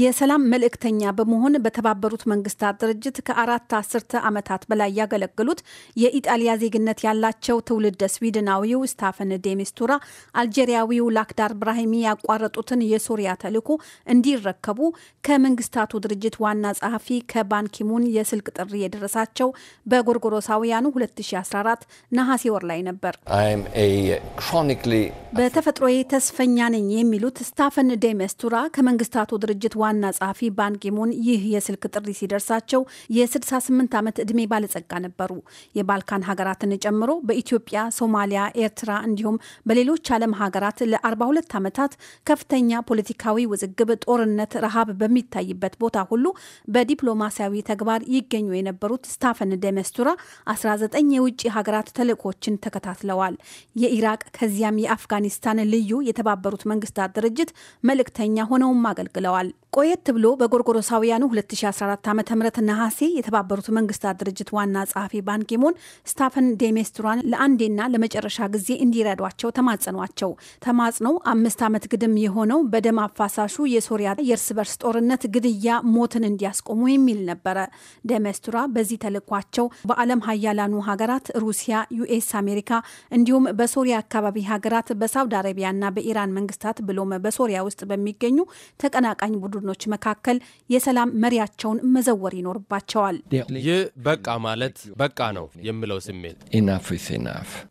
የሰላም መልእክተኛ በመሆን በተባበሩት መንግስታት ድርጅት ከአራት አስርተ ዓመታት በላይ ያገለገሉት የኢጣሊያ ዜግነት ያላቸው ትውልደ ስዊድናዊው ስታፈን ዴሚስቱራ አልጄሪያዊው ላክዳር ብራሂሚ ያቋረጡትን የሶሪያ ተልዕኮ እንዲረከቡ ከመንግስታቱ ድርጅት ዋና ጸሐፊ ከባንኪሙን የስልክ ጥሪ የደረሳቸው በጎርጎሮሳውያኑ 2014 ነሐሴ ወር ላይ ነበር። በተፈጥሮዬ ተስፈኛ ነኝ የሚሉት ስታፈን ዴ ከመንግስታቱ ድርጅት ዋና ጸሐፊ ባንኪሙን ይህ የስልክ ጥሪ ሲደርሳቸው የ68 ዓመት ዕድሜ ባለጸጋ ነበሩ። የባልካን ሀገራትን ጨምሮ በኢትዮጵያ፣ ሶማሊያ፣ ኤርትራ እንዲሁም በሌሎች ዓለም ሀገራት ለ42 ዓመታት ከፍተኛ ፖለቲካዊ ውዝግብ፣ ጦርነት፣ ረሃብ በሚታይበት ቦታ ሁሉ በዲፕሎማሲያዊ ተግባር ይገኙ የነበሩት ስታፈን ዴ 19 የውጭ ሀገራት ተልዕኮችን ተከታትለዋል። የኢራቅ ከዚያም የአፍጋን የአፍጋኒስታን ልዩ የተባበሩት መንግስታት ድርጅት መልእክተኛ ሆነውም አገልግለዋል። ቆየት ብሎ በጎርጎሮሳውያኑ 2014 ዓ ም ነሐሴ የተባበሩት መንግስታት ድርጅት ዋና ጸሐፊ ባንኪሞን ስታፈን ዴሜስትሯን ለአንዴና ለመጨረሻ ጊዜ እንዲረዷቸው ተማጸኗቸው። ተማጽነው አምስት ዓመት ግድም የሆነው በደም አፋሳሹ የሶሪያ የእርስ በርስ ጦርነት ግድያ፣ ሞትን እንዲያስቆሙ የሚል ነበረ። ዴሜስትሯ በዚህ ተልኳቸው በዓለም ሀያላኑ ሀገራት ሩሲያ፣ ዩኤስ አሜሪካ እንዲሁም በሶሪያ አካባቢ ሀገራት በሳውዲ አረቢያና በኢራን መንግስታት ብሎም በሶሪያ ውስጥ በሚገኙ ተቀናቃኝ ቡድን ቡድኖች መካከል የሰላም መሪያቸውን መዘወር ይኖርባቸዋል። ይህ በቃ ማለት በቃ ነው የምለው ስሜት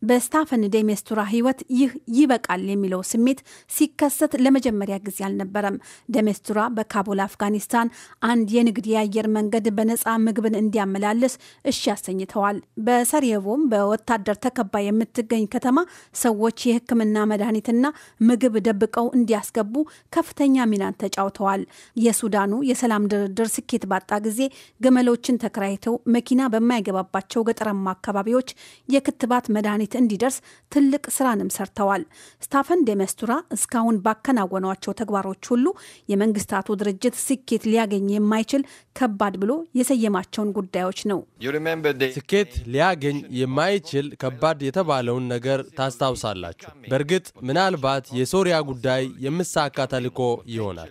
በስታፈን ደሜስቱራ ህይወት ይህ ይበቃል የሚለው ስሜት ሲከሰት ለመጀመሪያ ጊዜ አልነበረም። ደሜስቱራ በካቡል አፍጋኒስታን አንድ የንግድ የአየር መንገድ በነፃ ምግብን እንዲያመላልስ እሺ ያሰኝተዋል። በሰሪየቮም በወታደር ተከባ የምትገኝ ከተማ ሰዎች የህክምና መድኃኒትና ምግብ ደብቀው እንዲያስገቡ ከፍተኛ ሚናን ተጫውተዋል። የሱዳኑ የሰላም ድርድር ስኬት ባጣ ጊዜ ግመሎችን ተከራይተው መኪና በማይገባባቸው ገጠራማ አካባቢዎች የክትባት መድኃኒት እንዲደርስ ትልቅ ስራንም ሰርተዋል። ስታፈን ደመስቱራ እስካሁን ባከናወኗቸው ተግባሮች ሁሉ የመንግስታቱ ድርጅት ስኬት ሊያገኝ የማይችል ከባድ ብሎ የሰየማቸውን ጉዳዮች ነው። ስኬት ሊያገኝ የማይችል ከባድ የተባለውን ነገር ታስታውሳላችሁ። በእርግጥ ምናልባት የሶሪያ ጉዳይ የምሳካ ተልዕኮ ይሆናል።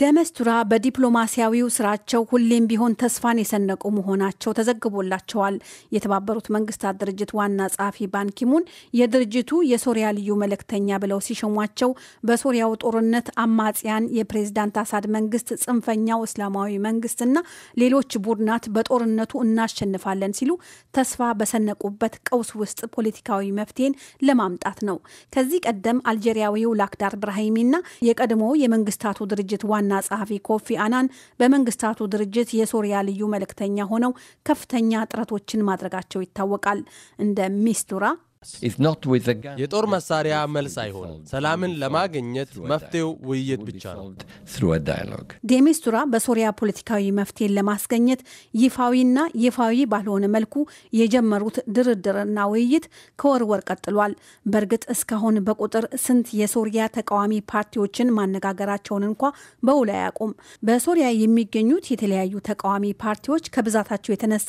ደመስቱራ በዲፕሎማሲያዊው ስራቸው ሁሌም ቢሆን ተስፋን የሰነቁ መሆናቸው ተዘግቦላቸዋል። የተባበሩት መንግስታት ድርጅት ዋና ጸሐፊ ባንኪሙን የድርጅቱ የሶሪያ ልዩ መልእክተኛ ብለው ሲሸሟቸው በሶሪያው ጦርነት አማጽያን፣ የፕሬዝዳንት አሳድ መንግስት፣ ጽንፈኛው እስላማዊ መንግስትና ሌሎች ቡድናት በጦርነቱ እናሸንፋለን ሲሉ ተስፋ በሰነቁበት ቀውስ ውስጥ ፖለቲካዊ መፍትሄን ለማምጣት ነው። ከዚህ ቀደም አልጄሪያዊው ላክዳር ብራሂሚና የቀድሞ የመንግስታቱ ድርጅት ዋና ጸሐፊ ኮፊ አናን በመንግስታቱ ድርጅት የሶሪያ ልዩ መልእክተኛ ሆነው ከፍተኛ ጥረቶችን ማድረጋቸው ይታወቃል። እንደ ሚስቱራ የጦር መሳሪያ መልስ አይሆንም። ሰላምን ለማግኘት መፍትሄው ውይይት ብቻ ነው። ዴሜስቱራ በሶሪያ ፖለቲካዊ መፍትሄን ለማስገኘት ይፋዊና ይፋዊ ባልሆነ መልኩ የጀመሩት ድርድርና ውይይት ከወር ወር ቀጥሏል። በእርግጥ እስካሁን በቁጥር ስንት የሶሪያ ተቃዋሚ ፓርቲዎችን ማነጋገራቸውን እንኳ በውል አያውቁም። በሶሪያ የሚገኙት የተለያዩ ተቃዋሚ ፓርቲዎች ከብዛታቸው የተነሳ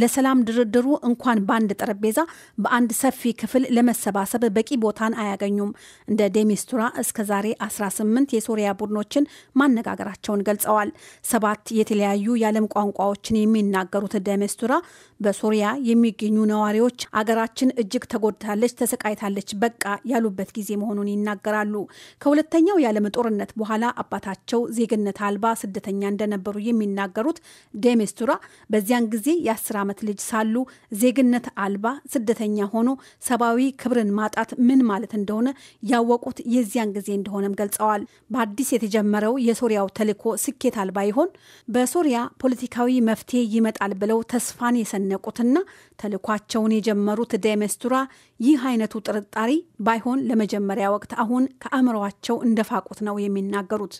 ለሰላም ድርድሩ እንኳን በአንድ ጠረጴዛ በአንድ ሰፊ ሰፊ ክፍል ለመሰባሰብ በቂ ቦታን አያገኙም። እንደ ዴሚስቱራ እስከ ዛሬ 18 የሶሪያ ቡድኖችን ማነጋገራቸውን ገልጸዋል። ሰባት የተለያዩ የዓለም ቋንቋዎችን የሚናገሩት ዴሚስቱራ በሶሪያ የሚገኙ ነዋሪዎች አገራችን እጅግ ተጎድታለች፣ ተሰቃይታለች፣ በቃ ያሉበት ጊዜ መሆኑን ይናገራሉ። ከሁለተኛው የዓለም ጦርነት በኋላ አባታቸው ዜግነት አልባ ስደተኛ እንደነበሩ የሚናገሩት ዴሚስቱራ በዚያን ጊዜ የአስር ዓመት ልጅ ሳሉ ዜግነት አልባ ስደተኛ ሆኖ ሰብአዊ ክብርን ማጣት ምን ማለት እንደሆነ ያወቁት የዚያን ጊዜ እንደሆነም ገልጸዋል። በአዲስ የተጀመረው የሶሪያው ተልዕኮ ስኬት አልባ ይሆን? በሶሪያ ፖለቲካዊ መፍትሄ ይመጣል ብለው ተስፋን የሰነቁትና ተልኳቸውን የጀመሩት ደሜስቱራ ይህ አይነቱ ጥርጣሬ ባይሆን ለመጀመሪያ ወቅት አሁን ከአእምሯቸው እንደፋቁት ነው የሚናገሩት።